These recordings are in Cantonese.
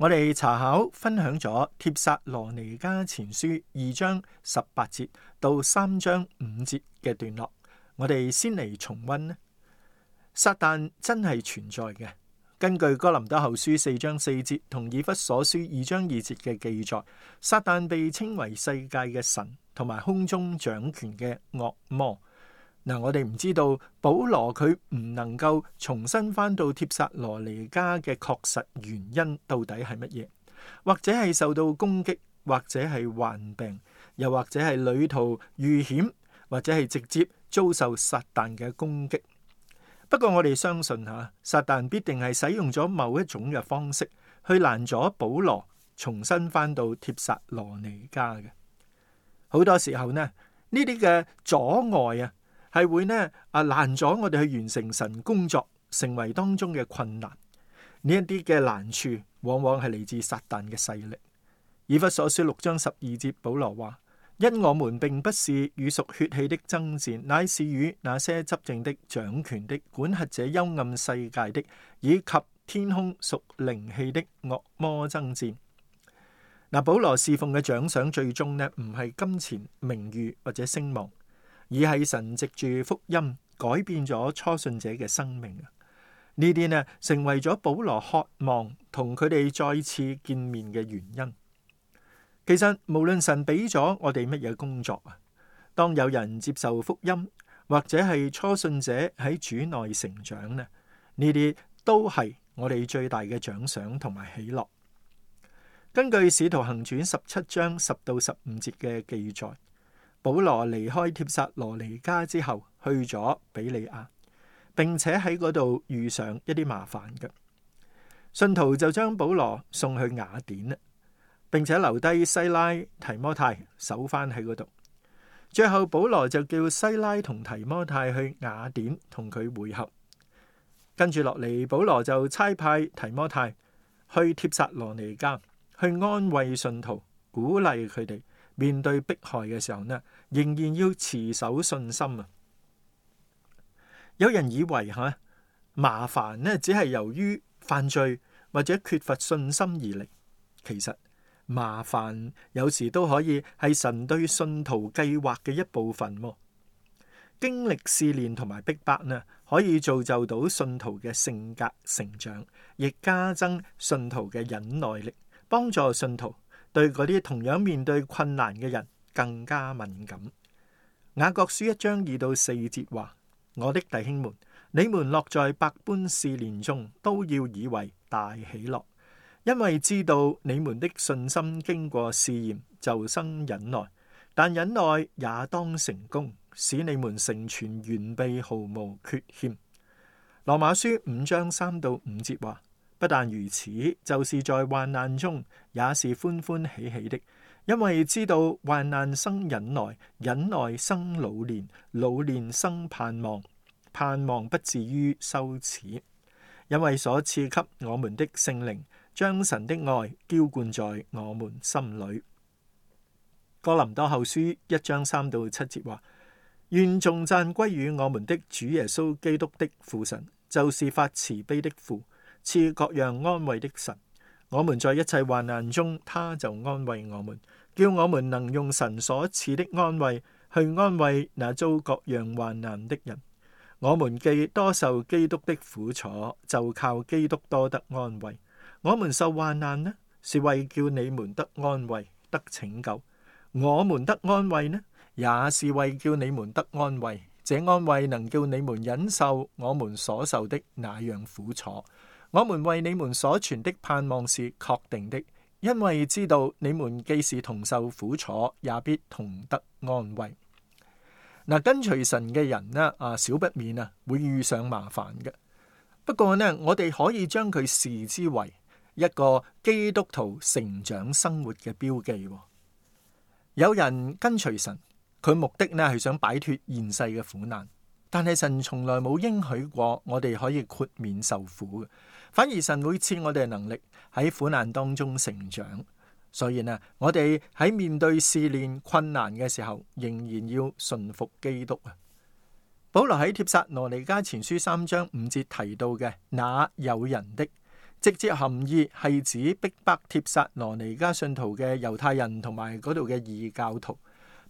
我哋查考分享咗帖撒羅尼加前書二章十八節到三章五節嘅段落，我哋先嚟重溫呢。撒旦真係存在嘅，根據哥林多後書四章四節同以弗所書二章二節嘅記載，撒旦被稱為世界嘅神，同埋空中掌權嘅惡魔。嗱，我哋唔知道保羅佢唔能夠重新翻到帖撒羅尼迦嘅確實原因到底係乜嘢，或者係受到攻擊，或者係患病，又或者係旅途遇險，或者係直接遭受撒但嘅攻擊。不過我哋相信吓，撒但必定係使用咗某一種嘅方式去攔咗保羅重新翻到帖撒羅尼迦嘅。好多時候呢，呢啲嘅阻礙啊～係會呢？啊，攔阻我哋去完成神工作，成為當中嘅困難。呢一啲嘅難處，往往係嚟自撒旦嘅勢力。以弗所書六章十二節，保羅話：因我們並不是與屬血氣的爭戰，乃是與那些執政的、掌權的、管轄這幽暗世界的，以及天空屬靈氣的惡魔爭戰。嗱，保羅侍奉嘅獎賞最終呢？唔係金錢、名譽或者聲望。而係神藉住福音改變咗初信者嘅生命，呢啲呢，成為咗保羅渴望同佢哋再次見面嘅原因。其實無論神俾咗我哋乜嘢工作啊，當有人接受福音或者係初信者喺主內成長呢，呢啲都係我哋最大嘅獎賞同埋喜樂。根據《使徒行傳》十七章十到十五節嘅記載。保羅離開帖撒羅尼迦之後，去咗比利亞，並且喺嗰度遇上一啲麻煩嘅，信徒就將保羅送去雅典啦，並且留低西拉、提摩太守翻喺嗰度。最後，保羅就叫西拉同提摩太去雅典同佢會合。跟住落嚟，保羅就差派提摩太去帖撒羅尼迦，去安慰信徒，鼓勵佢哋。面對迫害嘅時候呢，仍然要持守信心啊！有人以為吓麻煩呢，只係由於犯罪或者缺乏信心而嚟。其實麻煩有時都可以係神對信徒計劃嘅一部分。經歷試煉同埋逼迫呢，可以造就到信徒嘅性格成長，亦加增信徒嘅忍耐力，幫助信徒。對嗰啲同樣面對困難嘅人更加敏感。雅各書一章二到四節話：我的弟兄們，你們落在百般試煉中，都要以為大喜樂，因為知道你們的信心經過試驗，就生忍耐。但忍耐也當成功，使你們成全完備，毫無缺欠。羅馬書五章三到五節話。不但如此，就是在患難中也是歡歡喜喜的，因為知道患難生忍耐，忍耐生老練，老練生盼望，盼望不至於羞恥。因為所賜給我們的聖靈，將神的愛澆灌在我們心裏。哥林多後書一章三到七節話：願眾讚歸於我們的主耶穌基督的父神，就是發慈悲的父。賜各樣安慰的神，我們在一切患難中，他就安慰我們，叫我們能用神所賜的安慰去安慰那遭各樣患難的人。我們既多受基督的苦楚，就靠基督多得安慰。我們受患難呢，是為叫你們得安慰得拯救；我們得安慰呢，也是為叫你們得安慰。這安慰能叫你們忍受我們所受的那樣苦楚。我們為你們所存的盼望是確定的，因為知道你們既是同受苦楚，也必同得安慰。嗱，跟隨神嘅人呢，啊，少不免啊，會遇上麻煩嘅。不過呢，我哋可以將佢視之為一個基督徒成長生活嘅標記。有人跟隨神，佢目的呢係想擺脫現世嘅苦難，但係神從來冇應許過我哋可以豁免受苦嘅。反而神會賜我哋嘅能力喺苦難當中成長，所以呢，我哋喺面對試煉困難嘅時候，仍然要順服基督啊！保羅喺帖撒羅尼迦前書三章五節提到嘅那有人的，直接含義係指逼迫帖撒羅尼迦信徒嘅猶太人同埋嗰度嘅異教徒，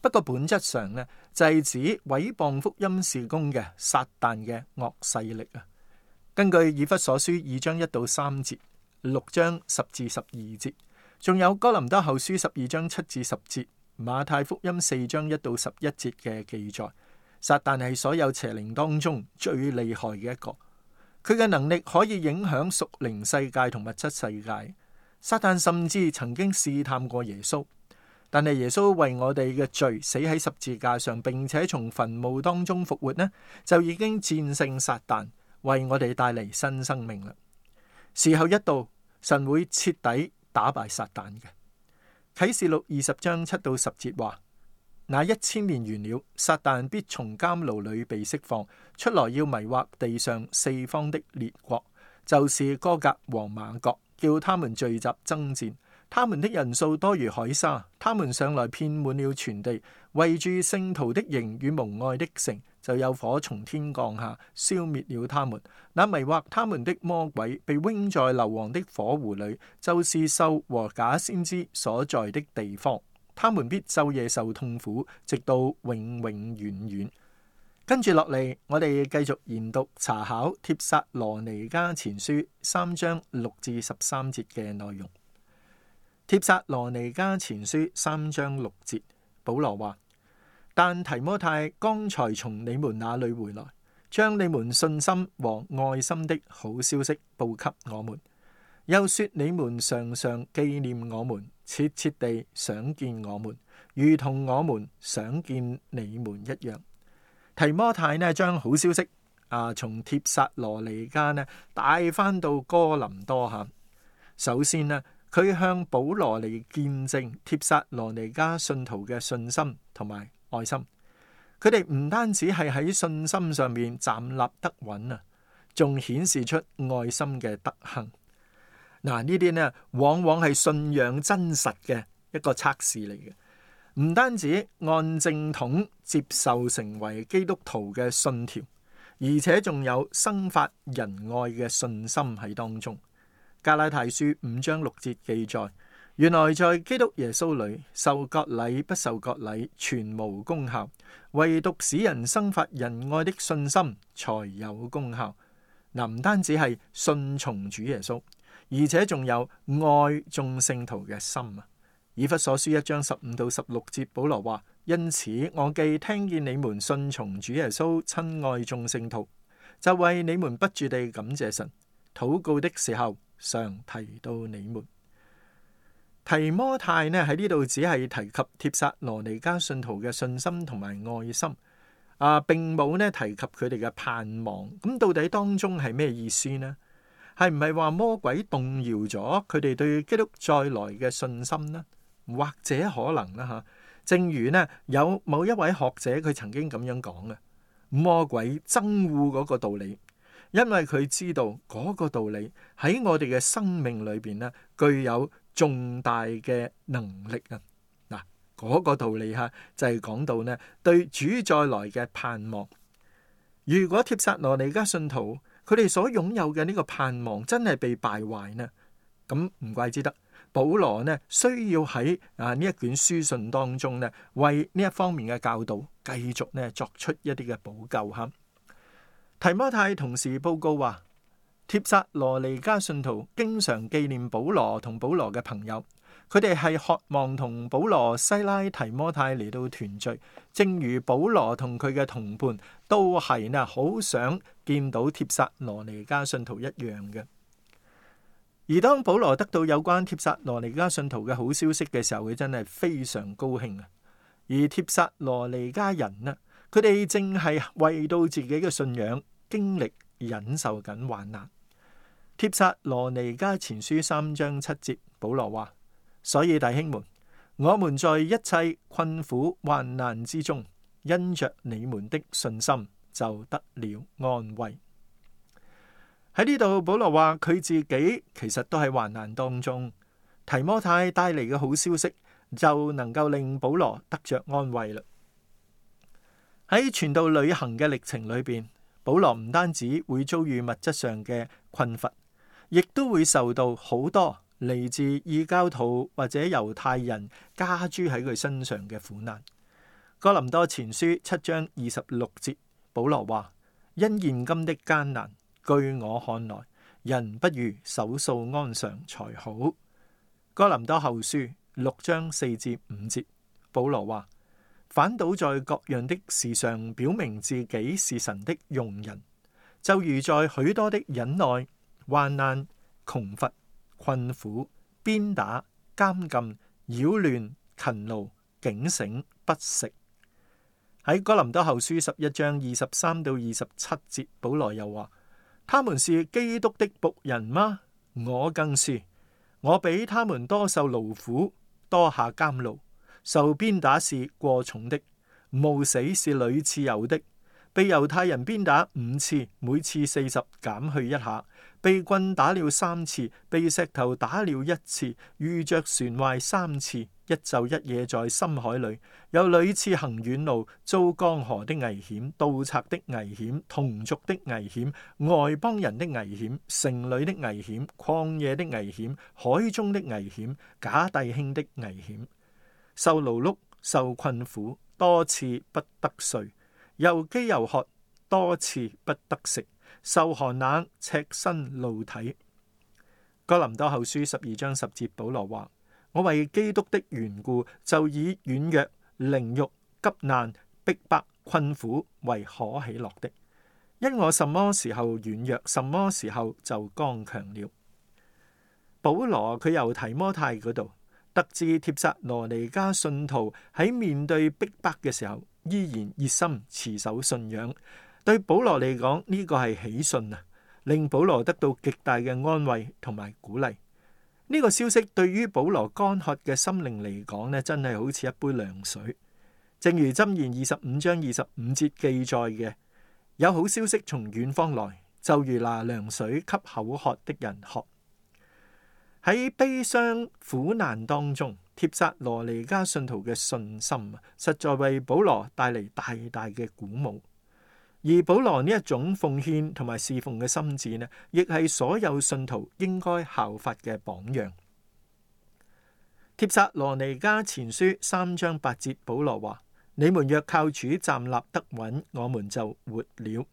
不過本質上呢，就係指毀謗福音事工嘅撒旦嘅惡勢力啊！根據《以弗所書》二章一到三節、六章十至十二節，仲有《哥林多後書》十二章七至十節，《馬太福音》四章一到十一節嘅記載，撒旦係所有邪靈當中最厲害嘅一個。佢嘅能力可以影響屬靈世界同物質世界。撒旦甚至曾經試探過耶穌，但係耶穌為我哋嘅罪死喺十字架上，並且從墳墓當中復活呢，就已經戰勝撒旦。為我哋帶嚟新生命啦！時候一到，神會徹底打敗撒旦嘅。啟示錄二十章七到十節話：那一千年完了，撒旦必從監牢裏被釋放出來，要迷惑地上四方的列國，就是哥格和瑪國，叫他們聚集爭戰，他們的人數多如海沙，他們上來遍滿了全地。圍住聖徒的營與蒙愛的城，就有火從天降下，消滅了他們。那迷惑他們的魔鬼被扔在硫磺的火湖裏，就是獸和假先知所在的地方。他們必晝夜受痛苦，直到永永遠遠。跟住落嚟，我哋繼續研讀查考帖撒羅尼加前書三章六至十三節嘅內容。帖撒羅尼加前書三章六節。保羅話，但提摩太剛才從你們那裏回來，將你們信心和愛心的好消息報給我們，又說你們常常紀念我們，切切地想見我們，如同我們想見你們一樣。提摩太呢，將好消息啊從帖撒羅尼迦呢帶返到哥林多下。首先呢。佢向保羅嚟見證帖撒羅尼迦信徒嘅信心同埋愛心，佢哋唔單止係喺信心上面站立得穩啊，仲顯示出愛心嘅德行。嗱呢啲呢，往往係信仰真實嘅一個測試嚟嘅，唔單止按正統接受成為基督徒嘅信條，而且仲有生發仁愛嘅信心喺當中。加拉太書五章六節記載，原來在基督耶穌裏受割禮不受割禮全無功效，唯獨使人生發仁愛的信心才有功效。嗱，唔單止係信從主耶穌，而且仲有愛眾聖徒嘅心啊。以弗所書一章十五到十六節，保羅話：因此我既聽見你們信從主耶穌，親愛眾聖徒，就為你們不住地感謝神，禱告的時候。常提到你們。提摩太呢，喺呢度只係提及帖撒羅尼迦信徒嘅信心同埋愛心，啊，並冇呢提及佢哋嘅盼望。咁到底當中係咩意思呢？係唔係話魔鬼動搖咗佢哋對基督再來嘅信心呢？或者可能呢？吓、啊，正如呢有某一位學者佢曾經咁樣講嘅，魔鬼憎惡嗰個道理。因為佢知道嗰個道理喺我哋嘅生命裏邊呢，具有重大嘅能力啊！嗱，嗰個道理吓就係講到咧，對主再來嘅盼望。如果帖撒羅尼迦信徒佢哋所擁有嘅呢個盼望真係被敗壞呢，咁唔怪之得保羅呢需要喺啊呢一卷書信當中呢，為呢一方面嘅教導繼續呢作出一啲嘅補救吓。提摩太同時報告話，帖撒羅尼迦信徒經常紀念保羅同保羅嘅朋友，佢哋係渴望同保羅、西拉、提摩太嚟到團聚，正如保羅同佢嘅同伴都係呢，好想見到帖撒羅尼迦信徒一樣嘅。而當保羅得到有關帖撒羅尼迦信徒嘅好消息嘅時候，佢真係非常高興啊！而帖撒羅尼迦人呢？佢哋正係為到自己嘅信仰經歷忍受緊患難。帖撒羅尼迦前書三章七節，保羅話：所以弟兄們，我們在一切困苦患難之中，因着你們的信心，就得了安慰。喺呢度，保羅話佢自己其實都喺患難當中，提摩太帶嚟嘅好消息就能夠令保羅得着安慰嘞。喺傳道旅行嘅歷程裏邊，保羅唔單止會遭遇物質上嘅困乏，亦都會受到好多嚟自異教徒或者猶太人加諸喺佢身上嘅苦難。哥林多前書七章二十六節，保羅話：因現今的艱難，據我看來，人不如守素安常才好。哥林多後書六章四至五節，保羅話：反倒在各樣的事上表明自己是神的用人，就如在許多的忍耐、患難、窮乏、困苦、鞭打、監禁、擾亂、勤勞、警醒、不食。喺哥林多後書十一章二十三到二十七節，保羅又話：他們是基督的僕人嗎？我更是，我比他們多受勞苦，多下監牢。受鞭打是過重的，冒死是屢次有的。被猶太人鞭打五次，每次四十減去一下；被棍打了三次，被石頭打了一次，遇着船壞三次，一晝一夜在深海裏，有屢次行遠路遭江河的危險、盜賊的危險、同族的危險、外邦人的危險、城裏的危險、曠野的危險、海中的危險、假弟兄的危險。受勞碌、受困苦，多次不得睡；又饑又渴，多次不得食；受寒冷、赤身露體。哥林多後書十二章十節，保羅話：我為基督的緣故，就以軟弱、凌辱、急難、逼迫、困苦為可喜樂的，因我什麼時候軟弱，什麼時候就剛強了。保羅佢由提摩太嗰度得知帖撒羅尼迦信徒喺面對逼迫嘅時候，依然熱心持守信仰，對保羅嚟講呢個係喜訊啊，令保羅得到極大嘅安慰同埋鼓勵。呢、這個消息對於保羅乾渴嘅心靈嚟講呢真係好似一杯涼水。正如《箴言》二十五章二十五節記載嘅：有好消息從遠方來，就如拿涼水給口渴的人喝。喺悲傷苦難當中，帖撒羅尼迦信徒嘅信心啊，實在為保羅帶嚟大大嘅鼓舞。而保羅呢一種奉獻同埋侍奉嘅心智呢，亦係所有信徒應該效法嘅榜樣。帖撒羅尼迦前書三章八節，保羅話：你們若靠主站立得穩，我們就活了。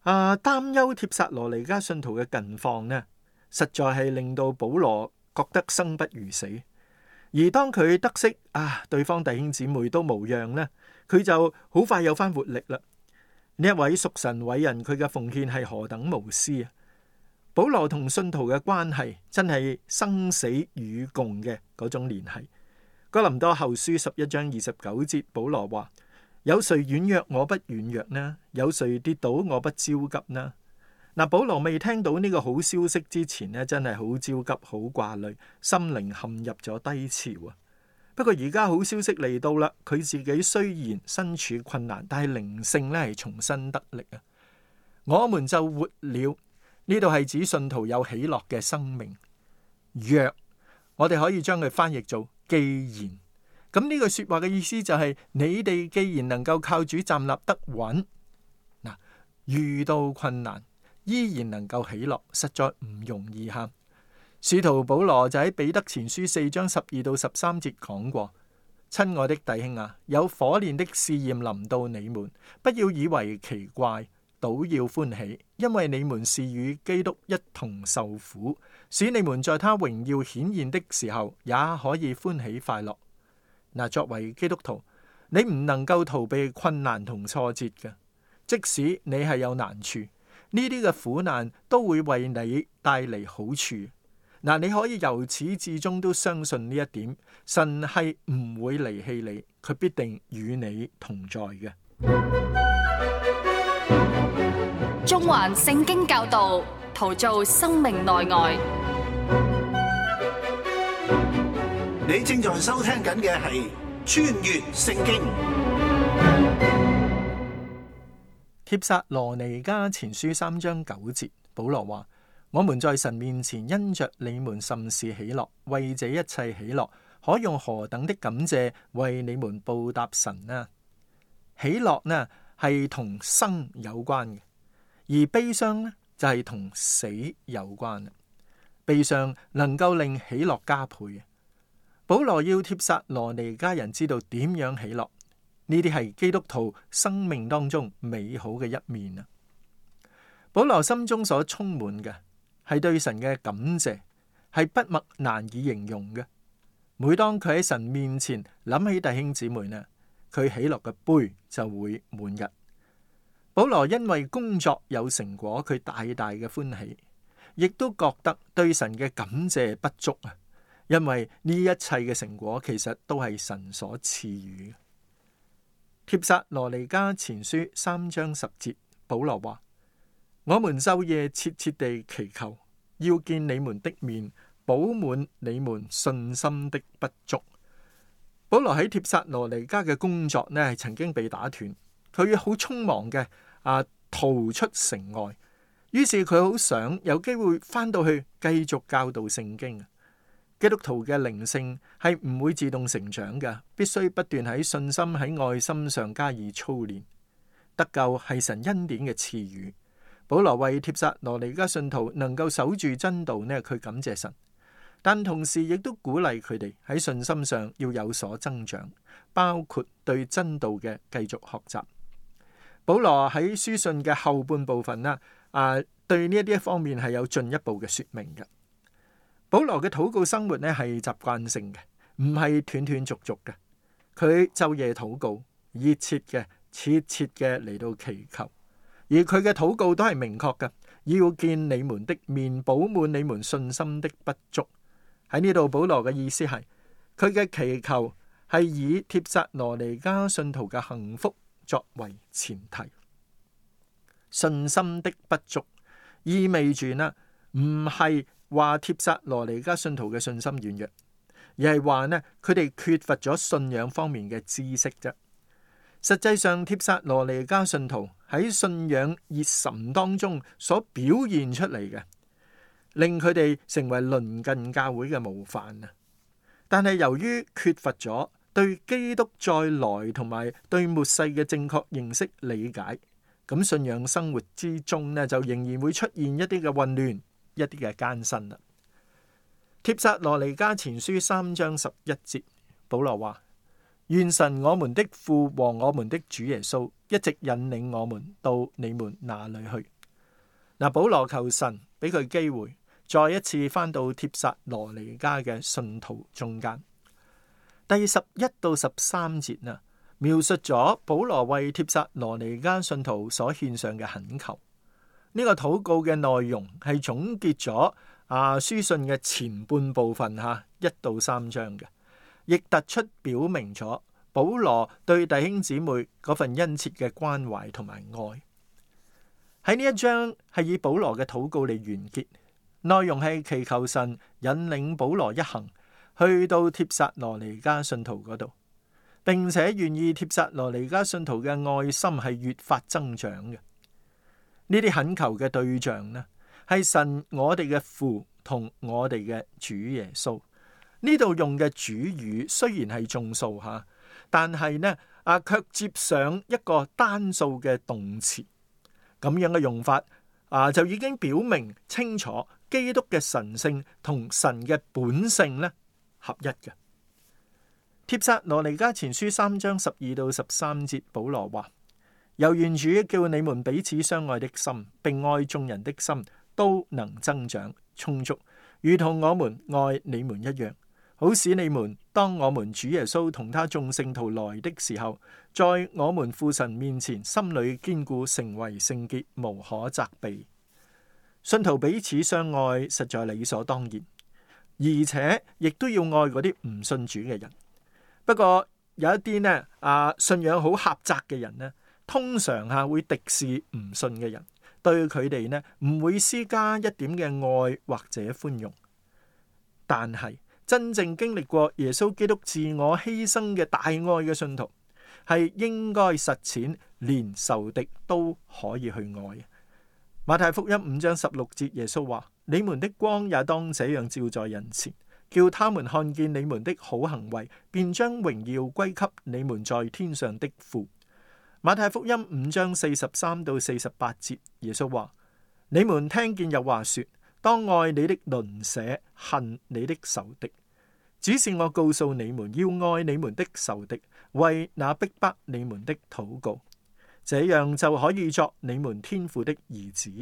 啊，擔憂帖撒羅尼迦信徒嘅近況呢？實在係令到保羅覺得生不如死，而當佢得悉啊，對方弟兄姊妹都無恙呢，佢就好快有返活力啦。呢一位屬神偉人，佢嘅奉獻係何等無私啊！保羅同信徒嘅關係真係生死與共嘅嗰種聯繫。哥林多後書十一章二十九節，保羅話：有誰軟弱我不軟弱呢？有誰跌倒我不焦急呢？嗱，保羅未聽到呢個好消息之前呢，真係好焦急、好掛慮，心靈陷入咗低潮啊。不過而家好消息嚟到啦，佢自己雖然身處困難，但係靈性呢係重新得力啊。我們就活了，呢度係指信徒有喜樂嘅生命。若我哋可以將佢翻譯做既然咁，呢句說話嘅意思就係、是、你哋既然能夠靠主站立得穩，嗱，遇到困難。依然能夠喜樂，實在唔容易。下使徒保羅喺彼得前書四章十二到十三節講過：親愛的弟兄啊，有火煉的試驗臨到你們，不要以為奇怪，倒要歡喜，因為你們是與基督一同受苦，使你們在他榮耀顯現的時候也可以歡喜快樂。嗱，作為基督徒，你唔能夠逃避困難同挫折嘅，即使你係有難處。呢啲嘅苦難都會為你帶嚟好處，嗱，你可以由始至終都相信呢一點，神係唔會離棄你，佢必定與你同在嘅。中環聖經教導，陶造生命內外。你正在收聽緊嘅係《穿越聖經》。帖撒羅尼迦前書三章九節，保羅話：我們在神面前因着你們甚是喜樂，為這一切喜樂，可用何等的感謝為你們報答神呢？喜樂呢係同生有關嘅，而悲傷呢就係同死有關。悲傷能夠令喜樂加倍。保羅要帖撒羅尼迦人知道點樣喜樂。呢啲係基督徒生命當中美好嘅一面啊！保羅心中所充滿嘅係對神嘅感謝，係筆墨難以形容嘅。每當佢喺神面前諗起弟兄姊妹呢，佢喜樂嘅杯就會滿日。保羅因為工作有成果，佢大大嘅歡喜，亦都覺得對神嘅感謝不足啊。因為呢一切嘅成果其實都係神所賜予。帖撒羅尼迦前書三章十節，保羅話：我們晝夜切切地祈求，要見你們的面，補滿你們信心的不足。保羅喺帖撒羅尼迦嘅工作呢，曾經被打斷，佢好匆忙嘅啊逃出城外，於是佢好想有機會翻到去繼續教導聖經。基督徒嘅靈性係唔會自動成長嘅，必須不斷喺信心喺愛心上加以操練。得救係神恩典嘅賜予。保羅為帖撒羅尼迦信徒能夠守住真道呢，佢感謝神，但同時亦都鼓勵佢哋喺信心上要有所增長，包括對真道嘅繼續學習。保羅喺書信嘅後半部分啦，啊，對呢一啲方面係有進一步嘅說明嘅。保羅嘅禱告生活咧，係習慣性嘅，唔係斷斷續續嘅。佢晝夜禱告，熱切嘅、切切嘅嚟到祈求。而佢嘅禱告都係明確嘅，要見你們的面，補滿你們信心的不足。喺呢度保羅嘅意思係，佢嘅祈求係以帖撒羅尼迦信徒嘅幸福作為前提。信心的不足意味住呢，唔係。話帖撒羅尼迦信徒嘅信心軟弱，而係話呢，佢哋缺乏咗信仰方面嘅知識啫。實際上，帖撒羅尼迦信徒喺信仰熱忱當中所表現出嚟嘅，令佢哋成為鄰近教會嘅模範啊。但係由於缺乏咗對基督再來同埋對末世嘅正確認識理解，咁信仰生活之中呢，就仍然會出現一啲嘅混亂。一啲嘅艱辛啦。帖撒羅尼迦前書三章十一節，保羅話：願神我們的父和我們的主耶穌一直引領我們到你們那裏去。嗱，保羅求神俾佢機會，再一次翻到帖撒羅尼迦嘅信徒中間。第十一到十三節啊，描述咗保羅為帖撒羅尼迦信徒所獻上嘅懇求。呢個禱告嘅內容係總結咗啊書信嘅前半部分吓一到三章嘅，亦突出表明咗保羅對弟兄姊妹嗰份殷切嘅關懷同埋愛。喺呢一章係以保羅嘅禱告嚟完結，內容係祈求神引領保羅一行去到帖撒羅尼迦信徒嗰度，並且願意帖撒羅尼迦信徒嘅愛心係越發增長嘅。呢啲懇求嘅對象呢，係神我哋嘅父同我哋嘅主耶穌。呢度用嘅主語雖然係眾數吓，但係呢啊卻接上一個單數嘅動詞，咁樣嘅用法啊就已經表明清楚基督嘅神性同神嘅本性呢合一嘅。帖撒羅尼迦前書三章十二到十三節，保羅話。由願主叫你們彼此相愛的心，並愛眾人的心，都能增長充足，如同我們愛你們一樣，好使你們當我們主耶穌同他眾聖徒來的時候，在我們父神面前心裏堅固，成為聖潔，無可責備。信徒彼此相愛，實在理所當然，而且亦都要愛嗰啲唔信主嘅人。不過有一啲咧，啊，信仰好狹窄嘅人咧。通常下會敵視唔信嘅人，對佢哋呢唔會施加一點嘅愛或者寬容。但係真正經歷過耶穌基督自我犧牲嘅大愛嘅信徒，係應該實踐連仇敵都可以去愛嘅。馬太福音五章十六節，耶穌話：你們的光也當這樣照在人前，叫他們看見你們的好行為，便將榮耀歸給你們在天上的父。馬太福音五章四十三到四十八節，耶穌話：你們聽見有話說，當愛你的鄰舍，恨你的仇敵。只是我告訴你們，要愛你們的仇敵，為那逼迫你們的禱告。這樣就可以作你們天父的兒子，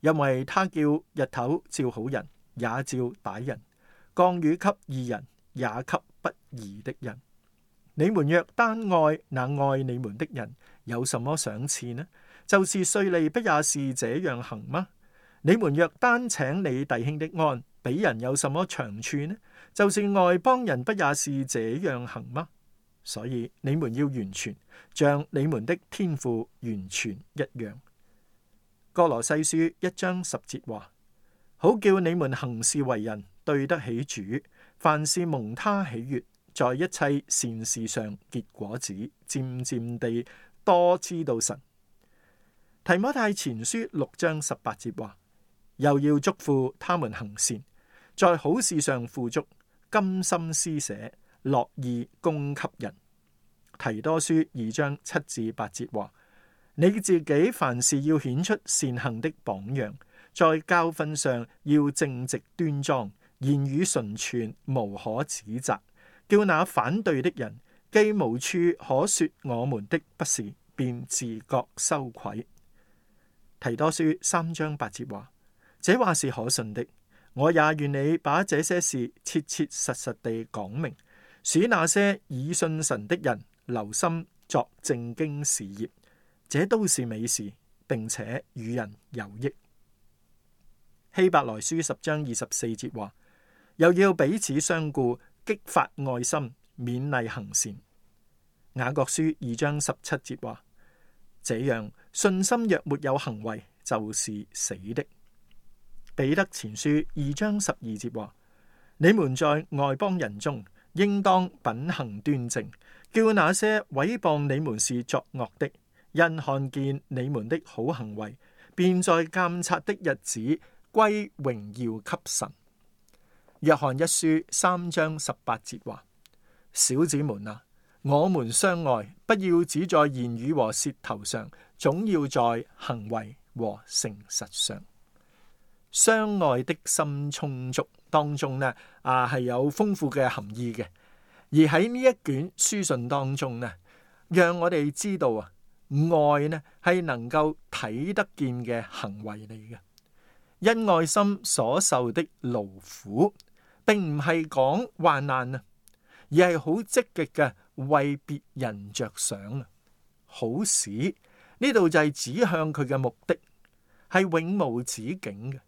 因為他叫日頭照好人也照歹人，降雨給義人也給不義的人。你們若單愛那愛你們的人，有什麼賞賜呢？就是稅吏不也是這樣行嗎？你們若單請你弟兄的安，俾人有什麼長處呢？就是外邦人不也是這樣行嗎？所以你們要完全，像你們的天父完全一樣。歌羅西書一章十節話，好叫你們行事為人對得起主，凡事蒙他喜悅，在一切善事上結果子，漸漸地。多知道神。提摩太前書六章十八節話，又要囑咐他們行善，在好事上富足，甘心施捨，樂意供給人。提多書二章七至八節話，你自己凡事要顯出善行的榜樣，在教訓上要正直端莊，言語純全，無可指責，叫那反對的人。既無處可說我們的不是，便自覺羞愧。提多書三章八節話，這話是可信的。我也願你把這些事切切實實地講明，使那些以信神的人留心作正經事業，這都是美事，並且與人有益。希伯來書十章二十四節話，又要彼此相顧，激發愛心。勉勵行善。雅各書二章十七節話：這樣信心若沒有行為，就是死的。彼得前書二章十二節話：你們在外邦人中應當品行端正，叫那些毀謗你們是作惡的，因看見你們的好行為，便在監察的日子歸榮耀給神。約翰一書三章十八節話。小子們啊，我們相愛，不要只在言語和舌頭上，總要在行為和誠實上。相愛的心充足當中呢啊，係有豐富嘅含義嘅。而喺呢一卷書信當中呢，讓我哋知道啊，愛呢係能夠睇得見嘅行為嚟嘅。因愛心所受的勞苦，並唔係講患難啊。而係好積極嘅為別人着想啊！好使，呢度就係指向佢嘅目的，係永無止境嘅。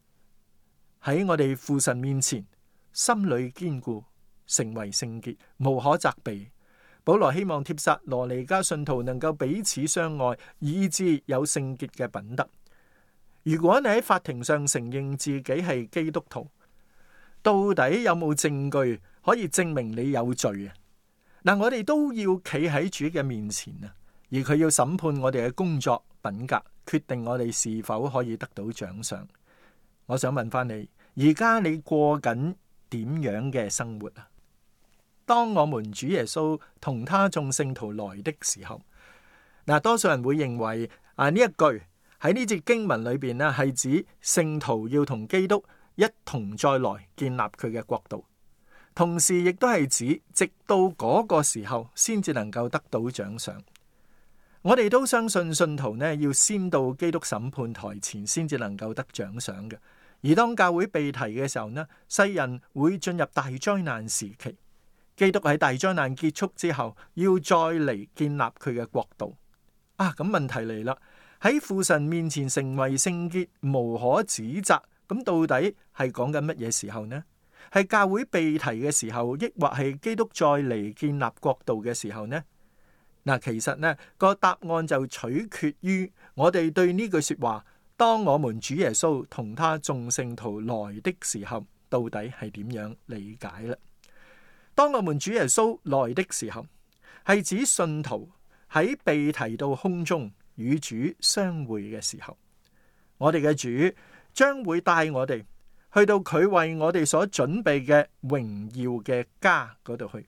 喺我哋父神面前，心裏堅固，成為聖潔，無可責備。保羅希望帖撒羅尼迦信徒能夠彼此相愛，以致有聖潔嘅品德。如果你喺法庭上承認自己係基督徒，到底有冇證據？可以證明你有罪啊！嗱，我哋都要企喺主嘅面前啊，而佢要審判我哋嘅工作品格，決定我哋是否可以得到獎賞。我想問翻你，而家你過緊點樣嘅生活啊？當我們主耶穌同他眾聖徒來的時候，嗱，多數人會認為啊呢一句喺呢節經文裏邊咧，係指聖徒要同基督一同再來，建立佢嘅國度。同時亦都係指，直到嗰個時候，先至能夠得到獎賞。我哋都相信信徒呢，要先到基督審判台前，先至能夠得獎賞嘅。而當教會被提嘅時候呢，世人會進入大災難時期。基督喺大災難結束之後，要再嚟建立佢嘅國度。啊，咁問題嚟啦！喺父神面前成為聖潔、無可指責，咁到底係講緊乜嘢時候呢？係教會被提嘅時候，抑或係基督再嚟建立國度嘅時候呢？嗱，其實呢個答案就取決於我哋對呢句說話：當我們主耶穌同他眾聖徒來的時候，到底係點樣理解啦？當我們主耶穌來的時候，係指信徒喺被提到空中與主相會嘅時候，我哋嘅主將會帶我哋。去到佢為我哋所準備嘅榮耀嘅家嗰度去，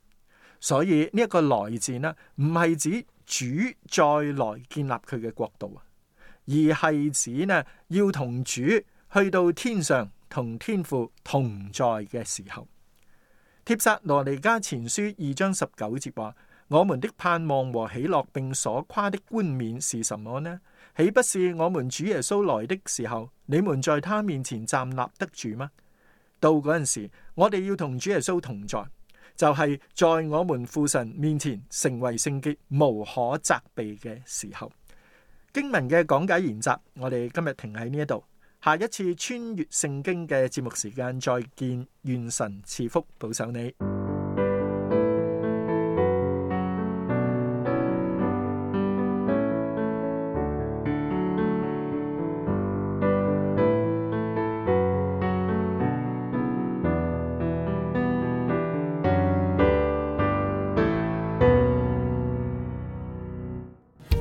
所以呢一個來字呢，唔係指主再來建立佢嘅國度啊，而係指呢要同主去到天上同天父同在嘅時候。帖撒羅尼迦前書二章十九節話：我們的盼望和喜樂並所誇的冠冕是什麼呢？豈不是我們主耶穌來的時候，你們在他面前站立得住嗎？到嗰陣時，我哋要同主耶穌同在，就係在我們父神面前成為聖潔，無可責備嘅時候。經文嘅講解研習，我哋今日停喺呢一度。下一次穿越聖經嘅節目時間再見，願神賜福保守你。